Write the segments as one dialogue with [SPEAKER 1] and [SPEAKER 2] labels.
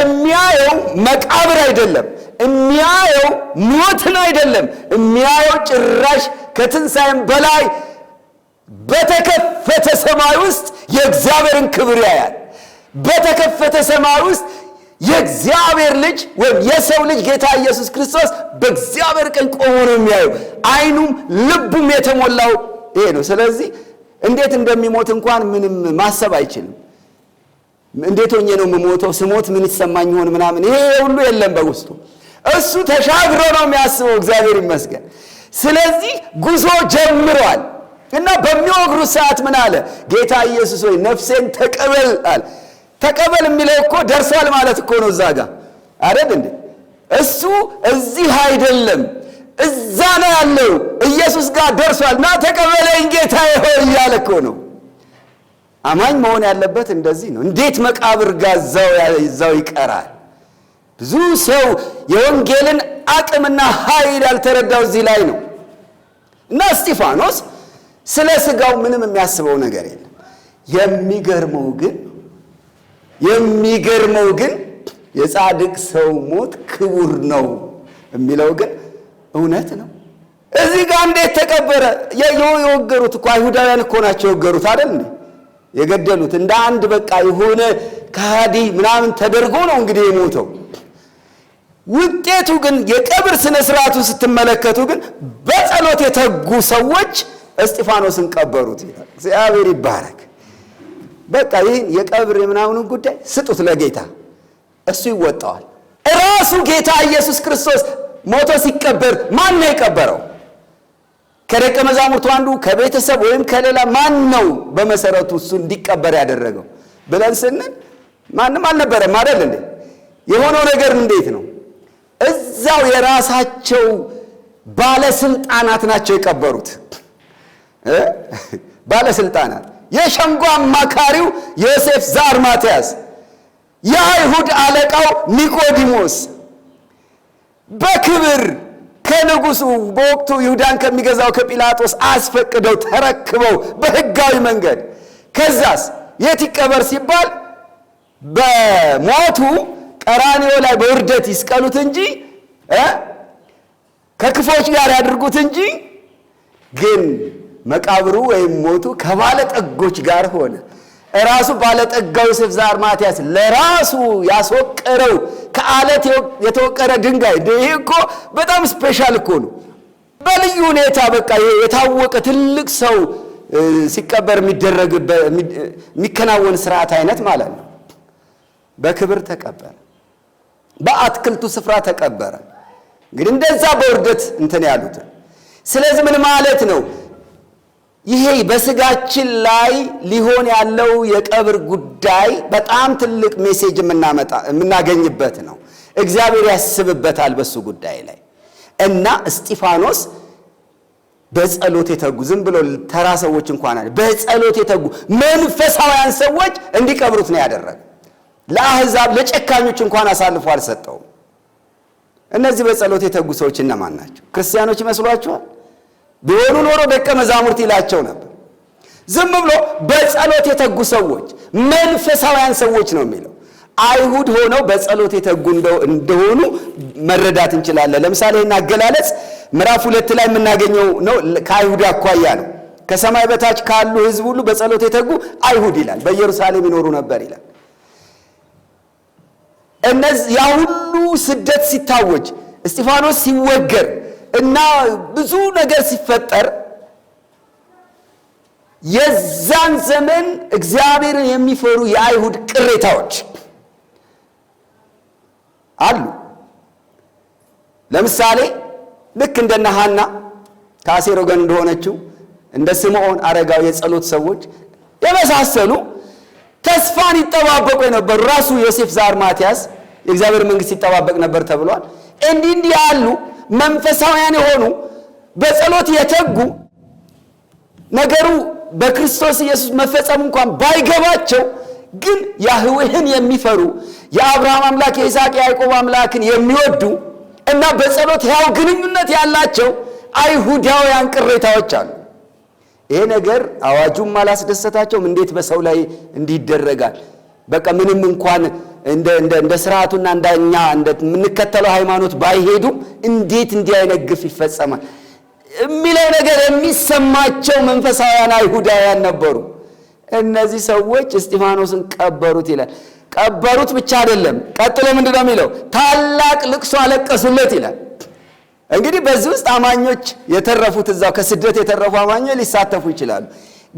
[SPEAKER 1] የሚያየው መቃብር አይደለም፣ የሚያየው ሞትን አይደለም። የሚያየው ጭራሽ ከትንሣኤም በላይ በተከፈተ ሰማይ ውስጥ የእግዚአብሔርን ክብር ያያል። በተከፈተ ሰማይ ውስጥ የእግዚአብሔር ልጅ ወይም የሰው ልጅ ጌታ ኢየሱስ ክርስቶስ በእግዚአብሔር ቀኝ ቆሞ ነው የሚያየው። አይኑም ልቡም የተሞላው ይሄ ነው። ስለዚህ እንዴት እንደሚሞት እንኳን ምንም ማሰብ አይችልም። እንዴት ሆኜ ነው የምሞተው? ስሞት ምን ይሰማኝ ይሆን ምናምን፣ ይሄ ሁሉ የለም በውስጡ። እሱ ተሻግሮ ነው የሚያስበው። እግዚአብሔር ይመስገን። ስለዚህ ጉዞ ጀምሯል እና በሚወግሩት ሰዓት ምን አለ? ጌታ ኢየሱስ ሆይ ነፍሴን ተቀበል አለ። ተቀበል የሚለው እኮ ደርሷል ማለት እኮ ነው። እዛ ጋር አይደል እንዴ? እሱ እዚህ አይደለም እዛ ነው ያለው። ኢየሱስ ጋር ደርሷል። ና ተቀበለኝ ጌታ ሆይ እያለ እኮ ነው አማኝ መሆን ያለበት እንደዚህ ነው። እንዴት መቃብር ጋዛው እዛው ይቀራል? ብዙ ሰው የወንጌልን አቅምና ኃይል ያልተረዳው እዚህ ላይ ነው። እና እስጢፋኖስ ስለ ስጋው ምንም የሚያስበው ነገር የለም። የሚገርመው ግን የሚገርመው ግን የጻድቅ ሰው ሞት ክቡር ነው የሚለው ግን እውነት ነው። እዚህ ጋር እንዴት ተቀበረ? የወገሩት እኮ አይሁዳውያን እኮ ናቸው የወገሩት አይደል? የገደሉት እንደ አንድ በቃ የሆነ ከሃዲ ምናምን ተደርጎ ነው እንግዲህ የሞተው። ውጤቱ ግን የቀብር ስነ ስርዓቱ ስትመለከቱ ግን በጸሎት የተጉ ሰዎች እስጢፋኖስን ቀበሩት ይላል። እግዚአብሔር ይባረክ። በቃ ይህን የቀብር የምናምኑን ጉዳይ ስጡት ለጌታ፣ እሱ ይወጣዋል። ራሱ ጌታ ኢየሱስ ክርስቶስ ሞቶ ሲቀበር ማን ነው የቀበረው? ከደቀ መዛሙርቱ አንዱ ከቤተሰብ ወይም ከሌላ ማን ነው በመሰረቱ እሱ እንዲቀበር ያደረገው ብለን ስንል ማንም አልነበረም አይደል እንዴ? የሆነው ነገር እንዴት ነው? እዛው የራሳቸው ባለስልጣናት ናቸው የቀበሩት። ባለስልጣናት የሸንጎ አማካሪው ዮሴፍ ዛር ማትያስ፣ የአይሁድ አለቃው ኒቆዲሞስ በክብር ከንጉሱ በወቅቱ ይሁዳን ከሚገዛው ከጲላጦስ አስፈቅደው ተረክበው በህጋዊ መንገድ ከዛስ የት ይቀበር ሲባል በሞቱ ቀራንዮ ላይ በውርደት ይስቀሉት እንጂ ከክፎች ጋር ያድርጉት እንጂ ግን መቃብሩ ወይም ሞቱ ከባለ ጠጎች ጋር ሆነ። ራሱ ባለጠጋ ዮሴፍ ዘአርማትያስ ለራሱ ያስወቀረው ከአለት የተወቀረ ድንጋይ ይህ እኮ በጣም ስፔሻል እኮ ነው። በልዩ ሁኔታ በቃ የታወቀ ትልቅ ሰው ሲቀበር የሚከናወን ስርዓት አይነት ማለት ነው። በክብር ተቀበረ፣ በአትክልቱ ስፍራ ተቀበረ። እንግዲህ እንደዛ በውርደት እንትን ያሉት። ስለዚህ ምን ማለት ነው? ይሄ በስጋችን ላይ ሊሆን ያለው የቀብር ጉዳይ በጣም ትልቅ ሜሴጅ የምናገኝበት ነው። እግዚአብሔር ያስብበታል በሱ ጉዳይ ላይ እና እስጢፋኖስ በጸሎት የተጉ ዝም ብሎ ተራ ሰዎች እንኳን አለ በጸሎት የተጉ መንፈሳውያን ሰዎች እንዲቀብሩት ነው ያደረገ። ለአህዛብ ለጨካኞች እንኳን አሳልፎ አልሰጠውም። እነዚህ በጸሎት የተጉ ሰዎች እነማን ናቸው? ክርስቲያኖች ይመስሏችኋል? ቢሆኑ ኖሮ ደቀ መዛሙርት ይላቸው ነበር። ዝም ብሎ በጸሎት የተጉ ሰዎች መንፈሳውያን ሰዎች ነው የሚለው። አይሁድ ሆነው በጸሎት የተጉ እንደሆኑ መረዳት እንችላለን። ለምሳሌ ይህን አገላለጽ ምዕራፍ ሁለት ላይ የምናገኘው ነው። ከአይሁድ አኳያ ነው። ከሰማይ በታች ካሉ ሕዝብ ሁሉ በጸሎት የተጉ አይሁድ ይላል። በኢየሩሳሌም ይኖሩ ነበር ይላል። እነዚህ ያ ሁሉ ስደት ሲታወጅ፣ እስጢፋኖስ ሲወገር እና ብዙ ነገር ሲፈጠር የዛን ዘመን እግዚአብሔርን የሚፈሩ የአይሁድ ቅሬታዎች አሉ። ለምሳሌ ልክ እንደ ነሃና ከአሴር ወገን እንደሆነችው እንደ ስምዖን አረጋዊ የጸሎት ሰዎች የመሳሰሉ ተስፋን ይጠባበቁ የነበሩ ራሱ ዮሴፍ ዘአርማትያስ የእግዚአብሔር መንግስት ይጠባበቅ ነበር ተብሏል። እንዲህ እንዲህ አሉ መንፈሳውያን የሆኑ በጸሎት የተጉ ነገሩ በክርስቶስ ኢየሱስ መፈጸሙ እንኳን ባይገባቸው ግን ያህዌህን የሚፈሩ የአብርሃም አምላክ የይስቅ የያዕቆብ አምላክን የሚወዱ እና በጸሎት ያው ግንኙነት ያላቸው አይሁዳውያን ቅሬታዎች አሉ። ይሄ ነገር አዋጁም አላስደሰታቸውም። እንዴት በሰው ላይ እንዲደረጋል በቃ ምንም እንኳን እንደ ስርዓቱና እንደኛ የምንከተለው ሃይማኖት ባይሄዱም እንዴት እንዲህ አይነት ግፍ ይፈጸማል የሚለው ነገር የሚሰማቸው መንፈሳውያን አይሁዳውያን ነበሩ። እነዚህ ሰዎች እስጢፋኖስን ቀበሩት ይላል። ቀበሩት ብቻ አይደለም፣ ቀጥሎ ምንድን ነው የሚለው? ታላቅ ልቅሶ አለቀሱለት ይላል። እንግዲህ በዚህ ውስጥ አማኞች የተረፉት እዛው ከስደት የተረፉ አማኞች ሊሳተፉ ይችላሉ።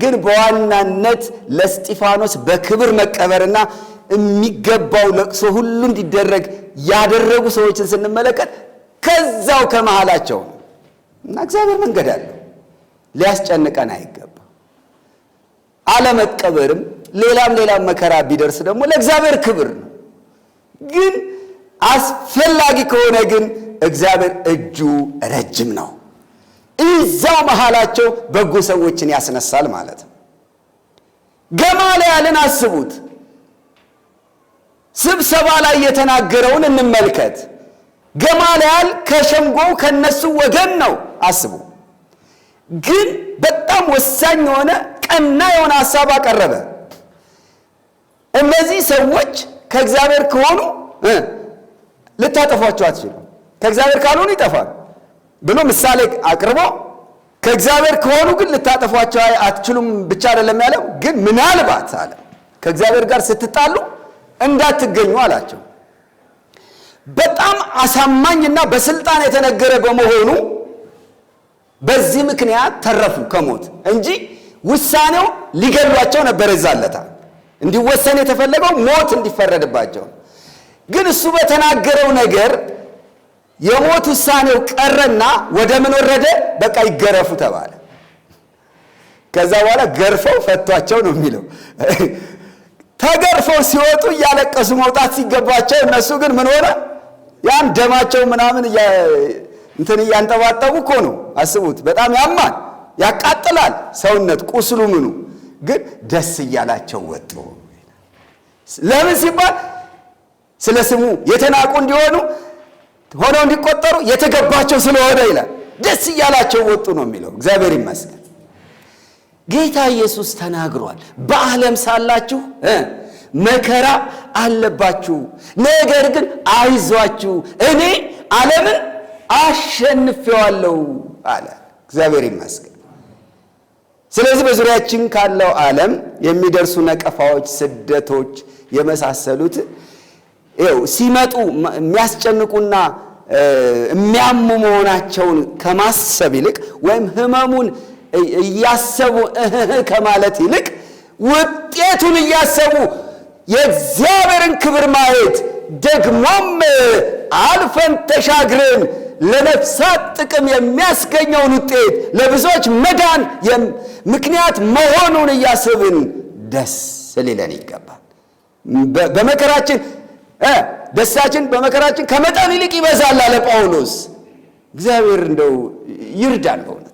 [SPEAKER 1] ግን በዋናነት ለእስጢፋኖስ በክብር መቀበርና የሚገባው ለቅሶ ሁሉ እንዲደረግ ያደረጉ ሰዎችን ስንመለከት ከዛው ከመሃላቸው ነው እና እግዚአብሔር መንገድ አለው። ሊያስጨንቀን አይገባ። አለመቀበርም ሌላም ሌላም መከራ ቢደርስ ደግሞ ለእግዚአብሔር ክብር ነው። ግን አስፈላጊ ከሆነ ግን እግዚአብሔር እጁ ረጅም ነው። እዛው መሃላቸው በጎ ሰዎችን ያስነሳል ማለት ነው። ገማልያልን አስቡት። ስብሰባ ላይ የተናገረውን እንመልከት። ገማልያል ከሸንጎው ከነሱ ወገን ነው። አስቡ። ግን በጣም ወሳኝ የሆነ ቀና የሆነ ሀሳብ አቀረበ። እነዚህ ሰዎች ከእግዚአብሔር ከሆኑ ልታጠፏቸው አትችሉም፣ ከእግዚአብሔር ካልሆኑ ይጠፋሉ ብሎ ምሳሌ አቅርቦ ከእግዚአብሔር ከሆኑ ግን ልታጠፏቸው አትችሉም ብቻ አይደለም ያለው፣ ግን ምናልባት አለ ከእግዚአብሔር ጋር ስትጣሉ እንዳትገኙ አላቸው። በጣም አሳማኝና በስልጣን የተነገረ በመሆኑ በዚህ ምክንያት ተረፉ ከሞት እንጂ ውሳኔው ሊገሏቸው ነበር። ይዛለታ እንዲወሰን የተፈለገው ሞት እንዲፈረድባቸው፣ ግን እሱ በተናገረው ነገር የሞት ውሳኔው ቀረና ወደ ምን ወረደ? በቃ ይገረፉ ተባለ። ከዛ በኋላ ገርፈው ፈቷቸው ነው የሚለው ተገርፈው ሲወጡ እያለቀሱ መውጣት ሲገባቸው እነሱ ግን ምን ሆነ? ያን ደማቸው ምናምን እንትን እያንጠባጠቡ እኮ ነው። አስቡት። በጣም ያማል፣ ያቃጥላል ሰውነት ቁስሉ ምኑ። ግን ደስ እያላቸው ወጡ። ለምን ሲባል ስለ ስሙ የተናቁ እንዲሆኑ ሆነው እንዲቆጠሩ የተገባቸው ስለሆነ ይላል። ደስ እያላቸው ወጡ ነው የሚለው። እግዚአብሔር ይመስገን። ጌታ ኢየሱስ ተናግሯል። በዓለም ሳላችሁ መከራ አለባችሁ፣ ነገር ግን አይዟችሁ፣ እኔ ዓለምን አሸንፌዋለሁ አለ። እግዚአብሔር ይመስገን። ስለዚህ በዙሪያችን ካለው ዓለም የሚደርሱ ነቀፋዎች፣ ስደቶች የመሳሰሉት ይኸው ሲመጡ የሚያስጨንቁና የሚያሙ መሆናቸውን ከማሰብ ይልቅ ወይም ህመሙን እያሰቡ ከማለት ይልቅ ውጤቱን እያሰቡ የእግዚአብሔርን ክብር ማየት ደግሞም አልፈን ተሻግረን ለነፍሳት ጥቅም የሚያስገኘውን ውጤት ለብዙዎች መዳን ምክንያት መሆኑን እያስብን ደስ ሊለን ይገባል። በመከራችን ደስታችን በመከራችን ከመጠን ይልቅ ይበዛል አለ ጳውሎስ። እግዚአብሔር እንደው ይርዳን በሆነ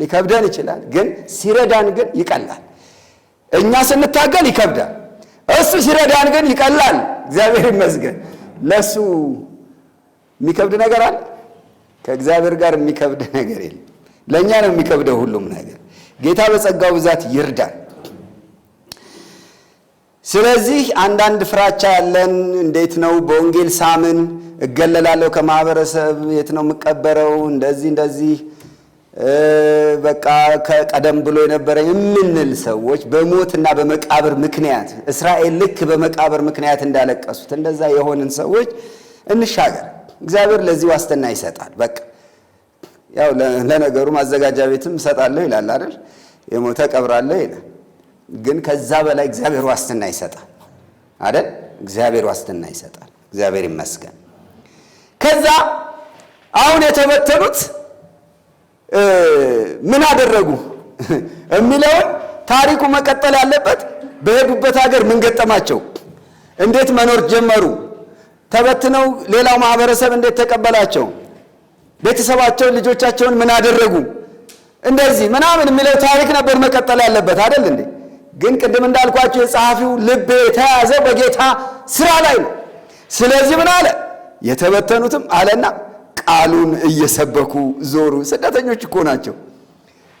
[SPEAKER 1] ሊከብደን ይችላል፣ ግን ሲረዳን ግን ይቀላል። እኛ ስንታገል ይከብዳል፣ እሱ ሲረዳን ግን ይቀላል። እግዚአብሔር ይመስገን። ለእሱ የሚከብድ ነገር አለ? ከእግዚአብሔር ጋር የሚከብድ ነገር የለም። ለእኛ ነው የሚከብደው ሁሉም ነገር። ጌታ በጸጋው ብዛት ይርዳል። ስለዚህ አንዳንድ ፍራቻ ያለን እንዴት ነው በወንጌል ሳምን እገለላለሁ ከማህበረሰብ የት ነው የምቀበረው እንደዚህ እንደዚህ በቃ ከቀደም ብሎ የነበረ የምንል ሰዎች በሞትና በመቃብር ምክንያት እስራኤል ልክ በመቃብር ምክንያት እንዳለቀሱት እንደዛ የሆንን ሰዎች እንሻገር። እግዚአብሔር ለዚህ ዋስትና ይሰጣል። በቃ ያው ለነገሩ ማዘጋጃ ቤትም እሰጣለሁ ይላል አይደል? የሞተ ቀብራለሁ ይላል። ግን ከዛ በላይ እግዚአብሔር ዋስትና ይሰጣል አይደል? እግዚአብሔር ዋስትና ይሰጣል። እግዚአብሔር ይመስገን። ከዛ አሁን የተበተኑት ምን አደረጉ የሚለውን ታሪኩ መቀጠል ያለበት በሄዱበት ሀገር ምን ገጠማቸው፣ እንዴት መኖር ጀመሩ፣ ተበትነው ሌላው ማህበረሰብ እንዴት ተቀበላቸው፣ ቤተሰባቸውን ልጆቻቸውን ምን አደረጉ፣ እንደዚህ ምናምን የሚለው ታሪክ ነበር መቀጠል ያለበት አይደል እንዴ? ግን ቅድም እንዳልኳቸው የጸሐፊው ልብ የተያዘ በጌታ ስራ ላይ ነው። ስለዚህ ምን አለ የተበተኑትም አለና ቃሉን እየሰበኩ ዞሩ። ስደተኞች እኮ ናቸው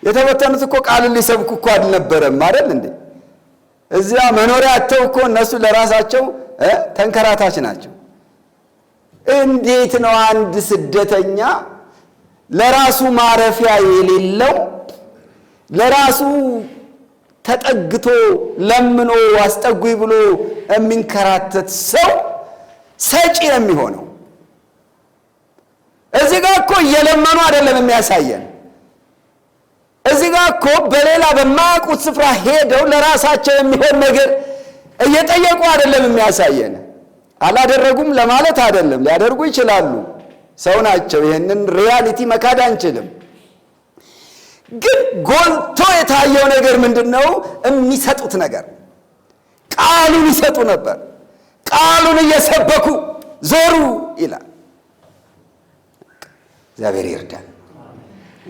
[SPEAKER 1] የተበተኑት። እኮ ቃሉን ሊሰብኩ እኮ አልነበረም አይደል እንዴ? እዚያ አተው እኮ እነሱ ለራሳቸው ተንከራታች ናቸው። እንዴት ነው አንድ ስደተኛ ለራሱ ማረፊያ የሌለው ለራሱ ተጠግቶ ለምኖ አስጠጉኝ ብሎ የሚንከራተት ሰው ሰጪ የሚሆነው? እዚህ ጋር እኮ እየለመኑ አይደለም የሚያሳየን። እዚህ ጋር እኮ በሌላ በማያውቁት ስፍራ ሄደው ለራሳቸው የሚሆን ነገር እየጠየቁ አይደለም የሚያሳየን። አላደረጉም ለማለት አይደለም፣ ሊያደርጉ ይችላሉ፣ ሰው ናቸው። ይህንን ሪያሊቲ መካድ አንችልም። ግን ጎልቶ የታየው ነገር ምንድን ነው? የሚሰጡት ነገር ቃሉን ይሰጡ ነበር። ቃሉን እየሰበኩ ዞሩ ይላል እግዚአብሔር ይርዳን።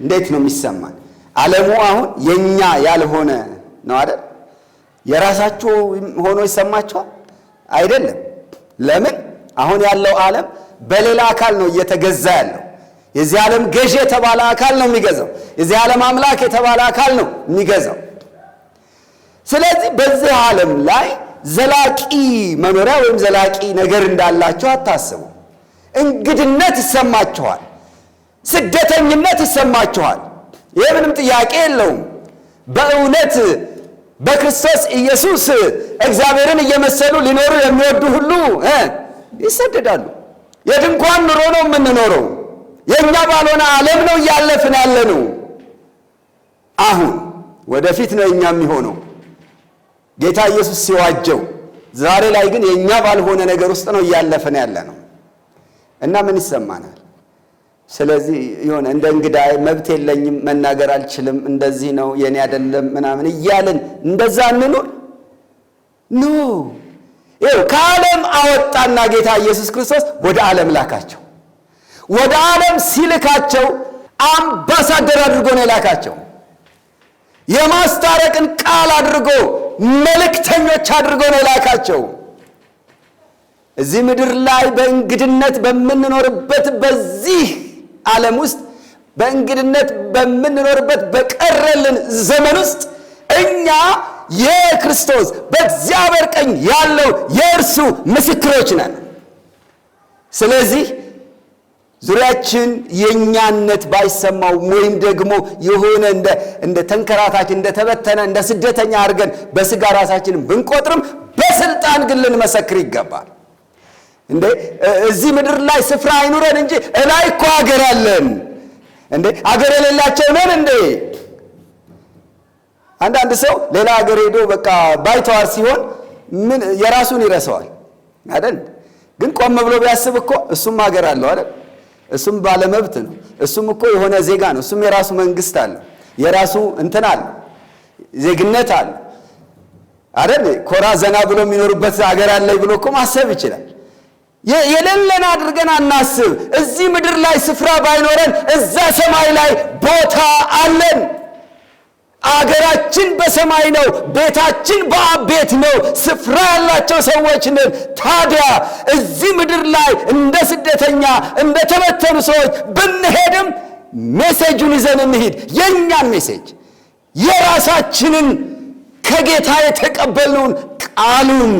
[SPEAKER 1] እንዴት ነው የሚሰማን? ዓለሙ አሁን የኛ ያልሆነ ነው አይደል? የራሳችሁ ሆኖ ይሰማችኋል አይደለም። ለምን አሁን ያለው ዓለም በሌላ አካል ነው እየተገዛ ያለው። የዚህ ዓለም ገዢ የተባለ አካል ነው የሚገዛው። የዚህ ዓለም አምላክ የተባለ አካል ነው የሚገዛው። ስለዚህ በዚህ ዓለም ላይ ዘላቂ መኖሪያ ወይም ዘላቂ ነገር እንዳላችሁ አታስቡ። እንግድነት ይሰማችኋል። ስደተኝነት ይሰማችኋል። ይህ ምንም ጥያቄ የለውም። በእውነት በክርስቶስ ኢየሱስ እግዚአብሔርን እየመሰሉ ሊኖሩ የሚወዱ ሁሉ ይሰደዳሉ። የድንኳን ኑሮ ነው የምንኖረው። የእኛ ባልሆነ ዓለም ነው እያለፍን ያለነው። አሁን ወደፊት ነው የእኛ የሚሆነው ጌታ ኢየሱስ ሲዋጀው። ዛሬ ላይ ግን የእኛ ባልሆነ ነገር ውስጥ ነው እያለፍን ያለ ነው እና ምን ይሰማናል? ስለዚህ የሆነ እንደ እንግዳ መብት የለኝም መናገር አልችልም፣ እንደዚህ ነው የኔ አይደለም ምናምን እያልን እንደዛ እንኑር ኖ። ይኸው ከዓለም አወጣና ጌታ ኢየሱስ ክርስቶስ ወደ ዓለም ላካቸው። ወደ ዓለም ሲልካቸው አምባሳደር አድርጎ ነው የላካቸው። የማስታረቅን ቃል አድርጎ መልእክተኞች አድርጎ ነው የላካቸው። እዚህ ምድር ላይ በእንግድነት በምንኖርበት በዚህ ዓለም ውስጥ በእንግድነት በምንኖርበት በቀረልን ዘመን ውስጥ እኛ የክርስቶስ በእግዚአብሔር ቀኝ ያለው የእርሱ ምስክሮች ነን። ስለዚህ ዙሪያችን የእኛነት ባይሰማው ወይም ደግሞ የሆነ እንደ ተንከራታች እንደተበተነ እንደ ስደተኛ አድርገን በስጋ ራሳችን ብንቆጥርም በስልጣን ግን ልንመሰክር ይገባል። እንዴ እዚህ ምድር ላይ ስፍራ አይኑረን እንጂ እላይ እኮ አገር አለን። እንዴ አገር የሌላቸው ነን እንዴ? አንዳንድ ሰው ሌላ ሀገር ሄዶ በቃ ባይተዋር ሲሆን ምን የራሱን ይረሰዋል አይደል? ግን ቆም ብሎ ቢያስብ እኮ እሱም ሀገር አለው አይደል? እሱም ባለመብት ነው። እሱም እኮ የሆነ ዜጋ ነው። እሱም የራሱ መንግስት አለ፣ የራሱ እንትን አለ፣ ዜግነት አለ አይደል? ኮራ ዘና ብሎ የሚኖርበት ሀገር አለ ብሎ እኮ ማሰብ ይችላል። የሌለን አድርገን አናስብ። እዚህ ምድር ላይ ስፍራ ባይኖረን እዛ ሰማይ ላይ ቦታ አለን። አገራችን በሰማይ ነው። ቤታችን በአብ ቤት ነው። ስፍራ ያላቸው ሰዎች ነን። ታዲያ እዚህ ምድር ላይ እንደ ስደተኛ እንደ ተበተኑ ሰዎች ብንሄድም ሜሴጁን ይዘን እንሂድ። የእኛን ሜሴጅ የራሳችንን ከጌታ የተቀበልነውን ቃሉን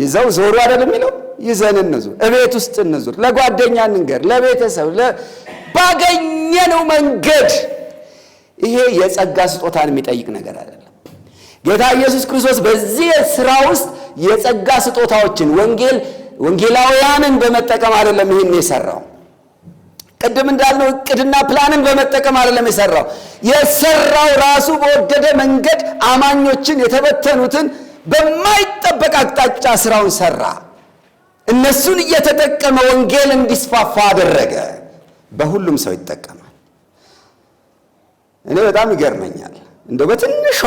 [SPEAKER 1] ይዘው ዞሩ አይደል የሚለው ይዘን እንዙር፣ እቤት ውስጥ እንዙር፣ ለጓደኛ እንንገር፣ ለቤተሰብ ባገኘነው መንገድ። ይሄ የጸጋ ስጦታን የሚጠይቅ ነገር አይደለም። ጌታ ኢየሱስ ክርስቶስ በዚህ ስራ ውስጥ የጸጋ ስጦታዎችን ወንጌል ወንጌላውያንን በመጠቀም አይደለም ይህን የሰራው። ቅድም እንዳልነው እቅድና ፕላንን በመጠቀም አይደለም የሰራው። የሰራው ራሱ በወደደ መንገድ አማኞችን የተበተኑትን በማይጠበቅ አቅጣጫ ስራውን ሰራ። እነሱን እየተጠቀመ ወንጌል እንዲስፋፋ አደረገ። በሁሉም ሰው ይጠቀማል። እኔ በጣም ይገርመኛል። እንደ በትንሿ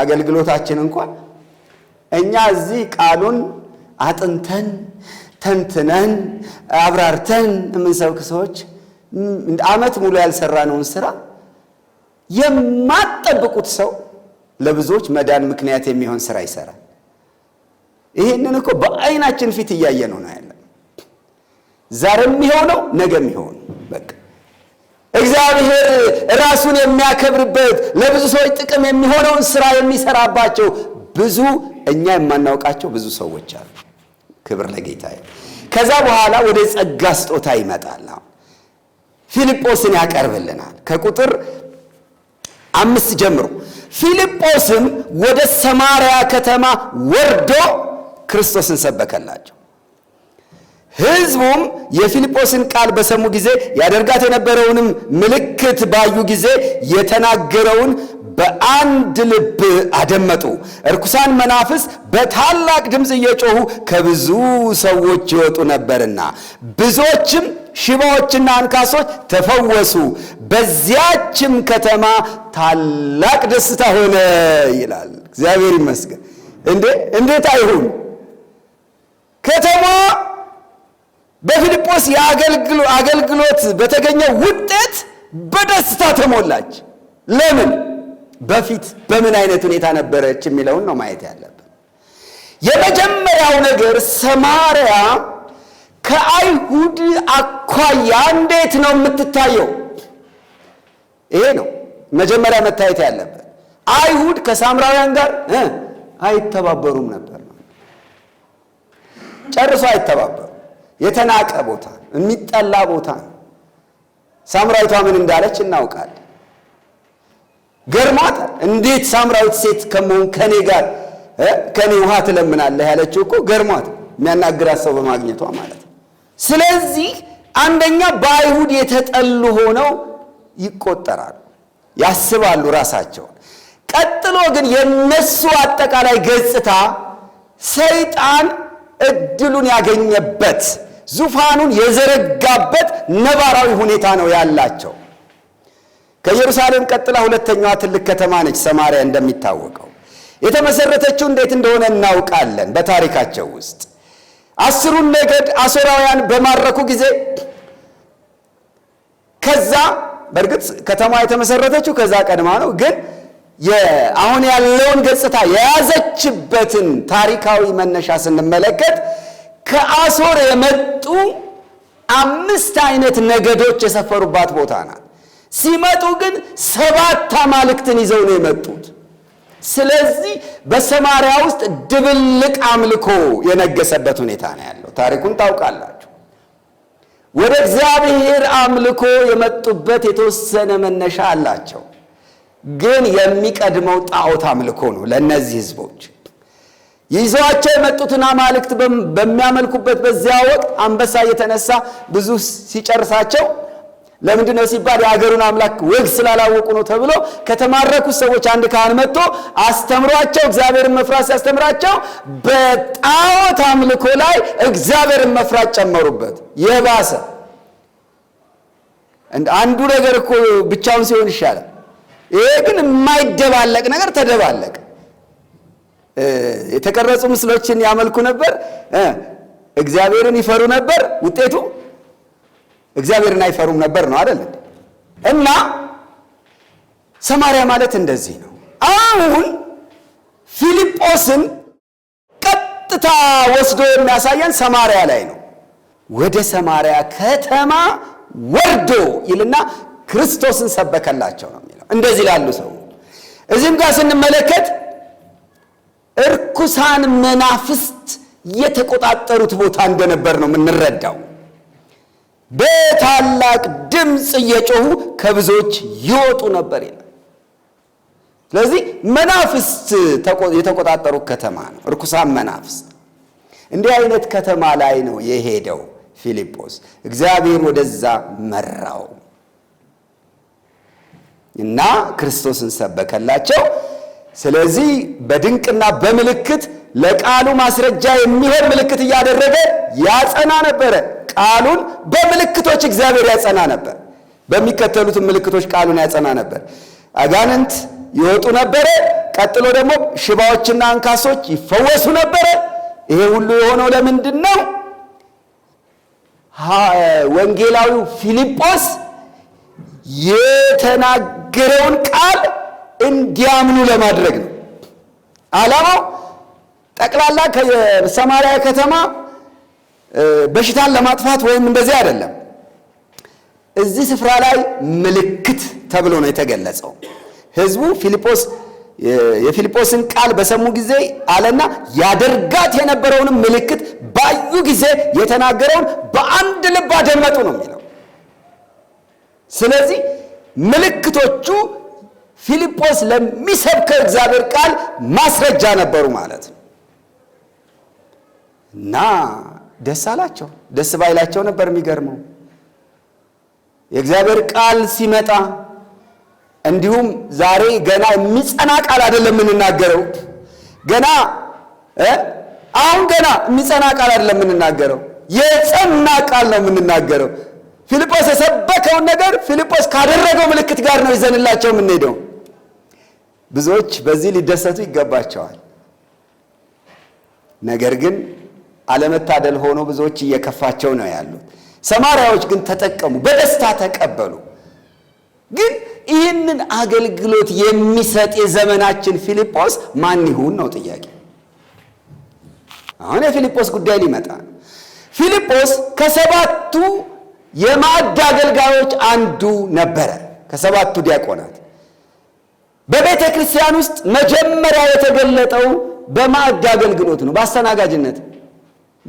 [SPEAKER 1] አገልግሎታችን እንኳን እኛ እዚህ ቃሉን አጥንተን ተንትነን አብራርተን የምንሰብክ ሰዎች አመት ሙሉ ያልሰራነውን ስራ የማጠብቁት ሰው ለብዙዎች መዳን ምክንያት የሚሆን ስራ ይሰራል። ይህንን እኮ በአይናችን ፊት እያየ ነው ያለ ዛሬም የሚሆነው ነገ የሚሆን በቃ እግዚአብሔር ራሱን የሚያከብርበት ለብዙ ሰዎች ጥቅም የሚሆነውን ስራ የሚሰራባቸው ብዙ እኛ የማናውቃቸው ብዙ ሰዎች አሉ። ክብር ለጌታ። ከዛ በኋላ ወደ ጸጋ ስጦታ ይመጣል። ፊልጶስን ያቀርብልናል ከቁጥር አምስት ጀምሮ ፊልጶስም ወደ ሰማርያ ከተማ ወርዶ ክርስቶስን ሰበከላቸው። ሕዝቡም የፊልጶስን ቃል በሰሙ ጊዜ ያደርጋት የነበረውንም ምልክት ባዩ ጊዜ የተናገረውን በአንድ ልብ አደመጡ። እርኩሳን መናፍስ በታላቅ ድምፅ እየጮኹ ከብዙ ሰዎች ይወጡ ነበርና ብዙዎችም ሽባዎችና አንካሶች ተፈወሱ። በዚያችም ከተማ ታላቅ ደስታ ሆነ ይላል። እግዚአብሔር ይመስገን። እንዴ እንዴት አይሁን? ከተማ በፊልጶስ የአገልግሎት በተገኘ ውጤት በደስታ ተሞላች። ለምን? በፊት በምን አይነት ሁኔታ ነበረች የሚለውን ነው ማየት ያለብን። የመጀመሪያው ነገር ሰማርያ ከአይሁድ አኳያ እንዴት ነው የምትታየው? ይሄ ነው መጀመሪያ መታየት ያለበት። አይሁድ ከሳምራውያን ጋር አይተባበሩም ነበር። ጨርሶ አይተባበሩም። የተናቀ ቦታ፣ የሚጠላ ቦታ ነው። ሳምራዊቷ ምን እንዳለች እናውቃለን። ገርሟታል። እንዴት ሳምራዊት ሴት ከመሆን ከኔ ጋር ከኔ ውሃ ትለምናለህ ያለችው እኮ ገርሟት፣ የሚያናግራት ሰው በማግኘቷ ማለት ነው። ስለዚህ አንደኛ በአይሁድ የተጠሉ ሆነው ይቆጠራሉ፣ ያስባሉ ራሳቸውን። ቀጥሎ ግን የነሱ አጠቃላይ ገጽታ ሰይጣን እድሉን ያገኘበት ዙፋኑን የዘረጋበት ነባራዊ ሁኔታ ነው ያላቸው። ከኢየሩሳሌም ቀጥላ ሁለተኛዋ ትልቅ ከተማ ነች ሰማርያ። እንደሚታወቀው የተመሰረተችው እንዴት እንደሆነ እናውቃለን በታሪካቸው ውስጥ አስሩን ነገድ አሶራውያን በማረኩ ጊዜ ከዛ በእርግጥ ከተማ የተመሰረተችው ከዛ ቀድማ ነው፣ ግን አሁን ያለውን ገጽታ የያዘችበትን ታሪካዊ መነሻ ስንመለከት ከአሶር የመጡ አምስት አይነት ነገዶች የሰፈሩባት ቦታ ናት። ሲመጡ ግን ሰባት አማልክትን ይዘው ነው የመጡት። ስለዚህ በሰማሪያ ውስጥ ድብልቅ አምልኮ የነገሰበት ሁኔታ ነው ያለው። ታሪኩን ታውቃላችሁ። ወደ እግዚአብሔር አምልኮ የመጡበት የተወሰነ መነሻ አላቸው፣ ግን የሚቀድመው ጣዖት አምልኮ ነው። ለእነዚህ ህዝቦች ይዘዋቸው የመጡትን አማልክት በሚያመልኩበት በዚያ ወቅት አንበሳ እየተነሳ ብዙ ሲጨርሳቸው ለምንድን ነው ሲባል የአገሩን አምላክ ወግ ስላላወቁ ነው ተብሎ ከተማረኩት ሰዎች አንድ ካህን መጥቶ አስተምሯቸው እግዚአብሔርን መፍራት ሲያስተምራቸው በጣዖት አምልኮ ላይ እግዚአብሔርን መፍራት ጨመሩበት። የባሰ አንዱ ነገር እኮ ብቻውን ሲሆን ይሻላል። ይሄ ግን የማይደባለቅ ነገር ተደባለቅ። የተቀረጹ ምስሎችን ያመልኩ ነበር፣ እግዚአብሔርን ይፈሩ ነበር። ውጤቱ እግዚአብሔርን አይፈሩም ነበር ነው አይደል? እና ሰማሪያ ማለት እንደዚህ ነው። አሁን ፊልጶስን ቀጥታ ወስዶ የሚያሳየን ሰማሪያ ላይ ነው። ወደ ሰማሪያ ከተማ ወርዶ ይልና ክርስቶስን ሰበከላቸው ነው የሚለው እንደዚህ ላሉ ሰው። እዚህም ጋር ስንመለከት እርኩሳን መናፍስት የተቆጣጠሩት ቦታ እንደነበር ነው የምንረዳው። በታላቅ ድምፅ እየጮሁ ከብዙዎች ይወጡ ነበር ይላል። ስለዚህ መናፍስት የተቆጣጠሩ ከተማ ነው። እርኩሳን መናፍስት እንዲህ አይነት ከተማ ላይ ነው የሄደው ፊልጶስ። እግዚአብሔር ወደዛ መራው እና ክርስቶስን ሰበከላቸው። ስለዚህ በድንቅና በምልክት ለቃሉ ማስረጃ የሚሆን ምልክት እያደረገ ያጸና ነበረ። ቃሉን በምልክቶች እግዚአብሔር ያጸና ነበር። በሚከተሉትም ምልክቶች ቃሉን ያጸና ነበር። አጋንንት ይወጡ ነበረ። ቀጥሎ ደግሞ ሽባዎችና አንካሶች ይፈወሱ ነበረ። ይሄ ሁሉ የሆነው ለምንድን ነው? ወንጌላዊው ፊልጶስ የተናገረውን ቃል እንዲያምኑ ለማድረግ ነው። አላማው። ጠቅላላ ከሰማሪያ ከተማ በሽታን ለማጥፋት ወይም እንደዚህ አይደለም። እዚህ ስፍራ ላይ ምልክት ተብሎ ነው የተገለጸው። ህዝቡ ፊልጶስ የፊልጶስን ቃል በሰሙ ጊዜ አለና ያደርጋት የነበረውንም ምልክት ባዩ ጊዜ የተናገረውን በአንድ ልብ አደመጡ ነው የሚለው። ስለዚህ ምልክቶቹ ፊልጶስ ለሚሰብከው እግዚአብሔር ቃል ማስረጃ ነበሩ ማለት ነው። እና ደስ አላቸው። ደስ ባይላቸው ነበር የሚገርመው የእግዚአብሔር ቃል ሲመጣ። እንዲሁም ዛሬ ገና የሚጸና ቃል አይደለም የምንናገረው። ገና አሁን ገና የሚጸና ቃል አይደለም የምንናገረው፣ የጸና ቃል ነው የምንናገረው። ፊልጶስ የሰበከውን ነገር ፊልጶስ ካደረገው ምልክት ጋር ነው ይዘንላቸው የምንሄደው። ብዙዎች በዚህ ሊደሰቱ ይገባቸዋል። ነገር ግን አለመታደል ሆኖ ብዙዎች እየከፋቸው ነው ያሉት። ሰማሪያዎች ግን ተጠቀሙ፣ በደስታ ተቀበሉ። ግን ይህንን አገልግሎት የሚሰጥ የዘመናችን ፊልጶስ ማን ይሁን ነው ጥያቄ። አሁን የፊልጶስ ጉዳይ ሊመጣ ፊልጶስ ከሰባቱ የማዕድ አገልጋዮች አንዱ ነበረ፣ ከሰባቱ ዲያቆናት። በቤተ ክርስቲያን ውስጥ መጀመሪያ የተገለጠው በማዕድ አገልግሎት ነው፣ በአስተናጋጅነት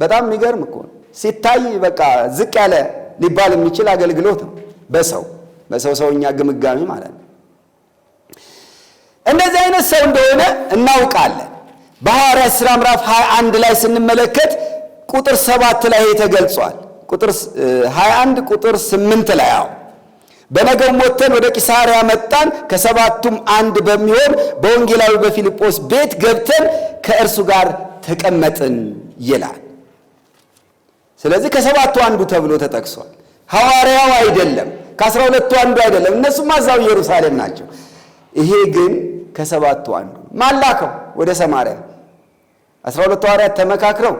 [SPEAKER 1] በጣም የሚገርም እኮ ሲታይ በቃ ዝቅ ያለ ሊባል የሚችል አገልግሎት ነው። በሰው በሰው ሰውኛ ግምጋሚ ማለት ነው። እንደዚህ አይነት ሰው እንደሆነ እናውቃለን። በሐዋርያት ሥራ ምዕራፍ 21 ላይ ስንመለከት ቁጥር ሰባት ላይ ተገልጿል። ቁጥር 21 ቁጥር 8 ላይ አዎ በነገውም ሞተን ወደ ቂሳርያ መጣን። ከሰባቱም አንድ በሚሆን በወንጌላዊ በፊልጶስ ቤት ገብተን ከእርሱ ጋር ተቀመጥን ይላል። ስለዚህ ከሰባቱ አንዱ ተብሎ ተጠቅሷል። ሐዋርያው አይደለም፣ ከአስራ ሁለቱ አንዱ አይደለም። እነሱም አዛው ኢየሩሳሌም ናቸው። ይሄ ግን ከሰባቱ አንዱ ማላከው ወደ ሰማርያ አስራ ሁለቱ ሐዋርያት ተመካክረው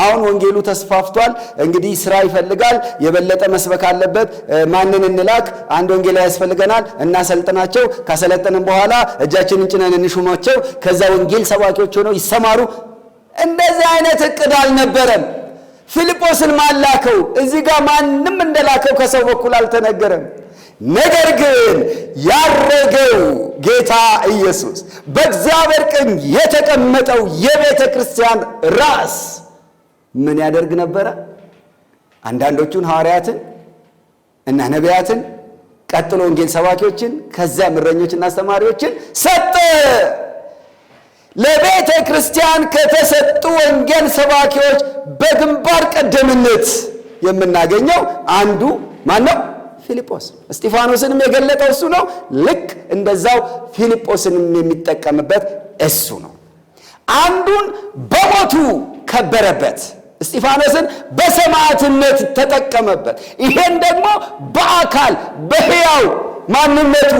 [SPEAKER 1] አሁን ወንጌሉ ተስፋፍቷል፣ እንግዲህ ስራ ይፈልጋል፣ የበለጠ መስበክ አለበት። ማንን እንላክ? አንድ ወንጌላዊ ያስፈልገናል፣ እናሰልጥናቸው። ካሰለጠንን በኋላ እጃችንን ጭነን እንሹማቸው፣ ከዛ ወንጌል ሰባኪዎች ሆነው ይሰማሩ። እንደዚህ አይነት እቅድ አልነበረም። ፊልጶስን ማላከው እዚህ ጋር ማንም እንደላከው ከሰው በኩል አልተነገረም። ነገር ግን ያረገው ጌታ ኢየሱስ በእግዚአብሔር ቀኝ የተቀመጠው የቤተ ክርስቲያን ራስ ምን ያደርግ ነበረ? አንዳንዶቹን ሐዋርያትን እና ነቢያትን፣ ቀጥሎ ወንጌል ሰባኪዎችን፣ ከዚያ እረኞችና አስተማሪዎችን ሰጠ። ለቤተ ክርስቲያን ከተሰጡ ወንጌል ሰባኪዎች በግንባር ቀደምነት የምናገኘው አንዱ ማን ነው? ፊልጶስ። እስጢፋኖስንም የገለጠው እሱ ነው። ልክ እንደዛው ፊልጶስንም የሚጠቀምበት እሱ ነው። አንዱን በሞቱ ከበረበት፣ እስጢፋኖስን በሰማዕትነት ተጠቀመበት። ይሄን ደግሞ በአካል በሕያው ማንነቱ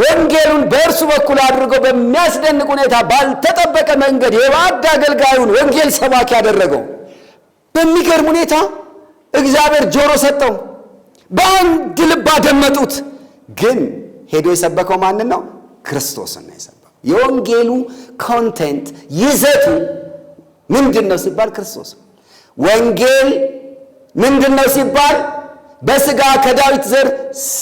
[SPEAKER 1] ወንጌሉን በእርሱ በኩል አድርጎ በሚያስደንቅ ሁኔታ ባልተጠበቀ መንገድ የባዕድ አገልጋዩን ወንጌል ሰባኪ ያደረገው በሚገርም ሁኔታ እግዚአብሔር ጆሮ ሰጠው። በአንድ ልብ አደመጡት። ግን ሄዶ የሰበከው ማንን ነው? ክርስቶስን ነው የሰበከው። የወንጌሉ ኮንቴንት ይዘቱ ምንድን ነው ሲባል ክርስቶስ። ወንጌል ምንድን ነው ሲባል በስጋ ከዳዊት ዘር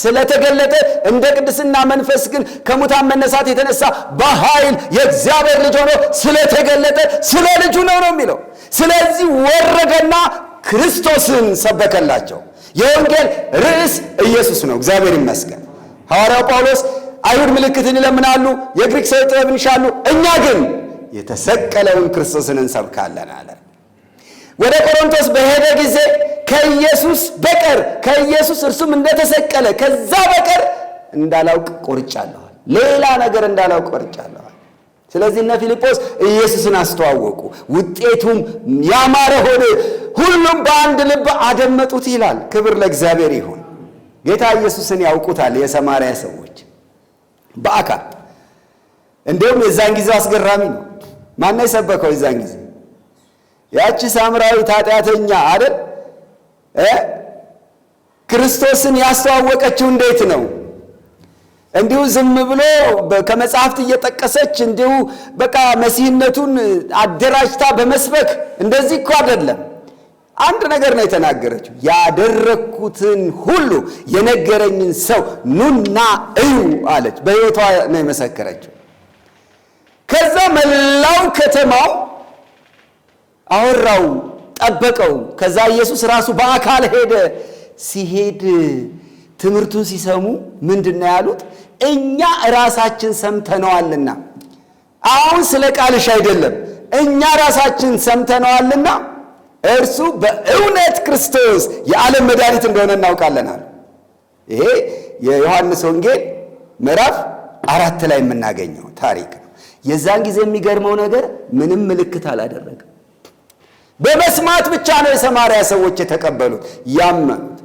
[SPEAKER 1] ስለተገለጠ እንደ ቅድስና መንፈስ ግን ከሙታን መነሳት የተነሳ በኃይል የእግዚአብሔር ልጅ ሆኖ ስለተገለጠ ስለ ልጁ ነው ነው የሚለው። ስለዚህ ወረደና ክርስቶስን ሰበከላቸው። የወንጌል ርዕስ ኢየሱስ ነው። እግዚአብሔር ይመስገን። ሐዋርያው ጳውሎስ አይሁድ ምልክትን ይለምናሉ፣ የግሪክ ሰው ጥበብን ይሻሉ፣ እኛ ግን የተሰቀለውን ክርስቶስን እንሰብካለን አለ። ወደ ቆሮንቶስ በሄደ ጊዜ ከኢየሱስ በቀር ከኢየሱስ እርሱም እንደተሰቀለ ከዛ በቀር እንዳላውቅ ቆርጫለኋል። ሌላ ነገር እንዳላውቅ ቆርጫለኋል። ስለዚህ እነ ፊልጶስ ኢየሱስን አስተዋወቁ። ውጤቱም ያማረ ሆነ። ሁሉም በአንድ ልብ አደመጡት ይላል። ክብር ለእግዚአብሔር ይሁን። ጌታ ኢየሱስን ያውቁታል የሰማርያ ሰዎች በአካል እንዲሁም የዛን ጊዜው አስገራሚ ነው። ማነው የሰበከው የዛን ጊዜ ያቺ ሳምራዊት ኃጢአተኛ አይደል እ ክርስቶስን ያስተዋወቀችው እንዴት ነው? እንዲሁ ዝም ብሎ ከመጽሐፍት እየጠቀሰች እንዲሁ በቃ መሲህነቱን አደራጅታ በመስበክ እንደዚህ እኮ አይደለም። አንድ ነገር ነው የተናገረችው፣ ያደረግኩትን ሁሉ የነገረኝን ሰው ኑና እዩ አለች። በሕይወቷ ነው የመሰከረችው። ከዛ መላው ከተማው አወራው፣ ጠበቀው። ከዛ ኢየሱስ ራሱ በአካል ሄደ። ሲሄድ ትምህርቱን ሲሰሙ ምንድን ነው ያሉት? እኛ ራሳችን ሰምተነዋልና አሁን ስለ ቃልሽ አይደለም፣ እኛ ራሳችን ሰምተነዋልና እርሱ በእውነት ክርስቶስ የዓለም መድኃኒት እንደሆነ እናውቃለናል። ይሄ የዮሐንስ ወንጌል ምዕራፍ አራት ላይ የምናገኘው ታሪክ ነው። የዛን ጊዜ የሚገርመው ነገር ምንም ምልክት አላደረገም። በመስማት ብቻ ነው የሰማርያ ሰዎች የተቀበሉት ያመኑት።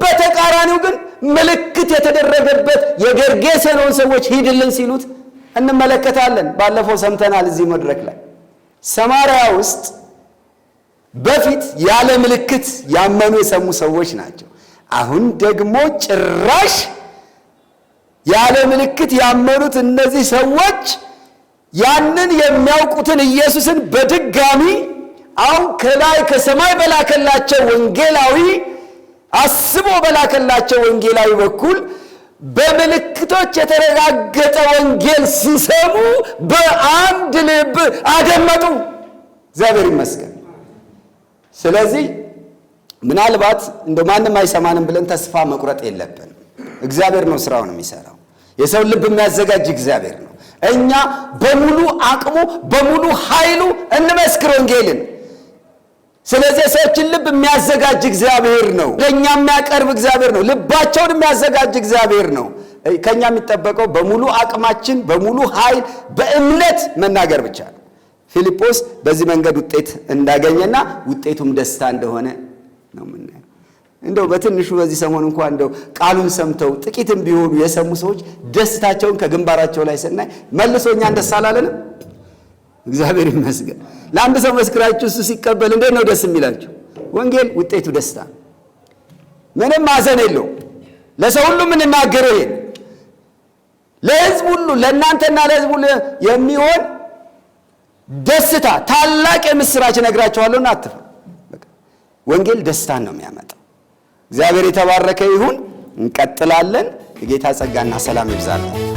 [SPEAKER 1] በተቃራኒው ግን ምልክት የተደረገበት የጌርጌሴኖን ሰዎች ሂድልን ሲሉት እንመለከታለን። ባለፈው ሰምተናል እዚህ መድረክ ላይ ሰማርያ ውስጥ በፊት ያለ ምልክት ያመኑ የሰሙ ሰዎች ናቸው። አሁን ደግሞ ጭራሽ ያለ ምልክት ያመኑት እነዚህ ሰዎች ያንን የሚያውቁትን ኢየሱስን በድጋሚ አሁን ከላይ ከሰማይ በላከላቸው ወንጌላዊ አስቦ በላከላቸው ወንጌላዊ በኩል በምልክቶች የተረጋገጠ ወንጌል ሲሰሙ በአንድ ልብ አደመጡ። እግዚአብሔር ይመስገን። ስለዚህ ምናልባት እንደ ማንም አይሰማንም ብለን ተስፋ መቁረጥ የለብን። እግዚአብሔር ነው ስራውን የሚሰራው። የሰው ልብ የሚያዘጋጅ እግዚአብሔር ነው። እኛ በሙሉ አቅሙ በሙሉ ኃይሉ እንመስክር ወንጌልን። ስለዚህ የሰዎችን ልብ የሚያዘጋጅ እግዚአብሔር ነው። ለእኛ የሚያቀርብ እግዚአብሔር ነው። ልባቸውን የሚያዘጋጅ እግዚአብሔር ነው። ከእኛ የሚጠበቀው በሙሉ አቅማችን፣ በሙሉ ኃይል፣ በእምነት መናገር ብቻ ነው። ፊልጶስ በዚህ መንገድ ውጤት እንዳገኘና ውጤቱም ደስታ እንደሆነ ነው የምናየው። እንደው በትንሹ በዚህ ሰሞን እንኳ እንደው ቃሉን ሰምተው ጥቂትም ቢሆኑ የሰሙ ሰዎች ደስታቸውን ከግንባራቸው ላይ ስናይ መልሶ እኛን ደስ አላለንም። እግዚአብሔር ይመስገን። ለአንድ ሰው መስክራችሁ እሱ ሲቀበል እንዴት ነው ደስ የሚላችሁ? ወንጌል ውጤቱ ደስታ፣ ምንም ማዘን የለው። ለሰው ሁሉ የምንናገረው ይሄ ለህዝብ ሁሉ ለእናንተና ለህዝብ ሁሉ የሚሆን ደስታ ታላቅ የምስራች እነግራችኋለሁና አትፍሩ። ወንጌል ደስታን ነው የሚያመጣው። እግዚአብሔር የተባረከ ይሁን። እንቀጥላለን። የጌታ ጸጋና ሰላም ይብዛለን።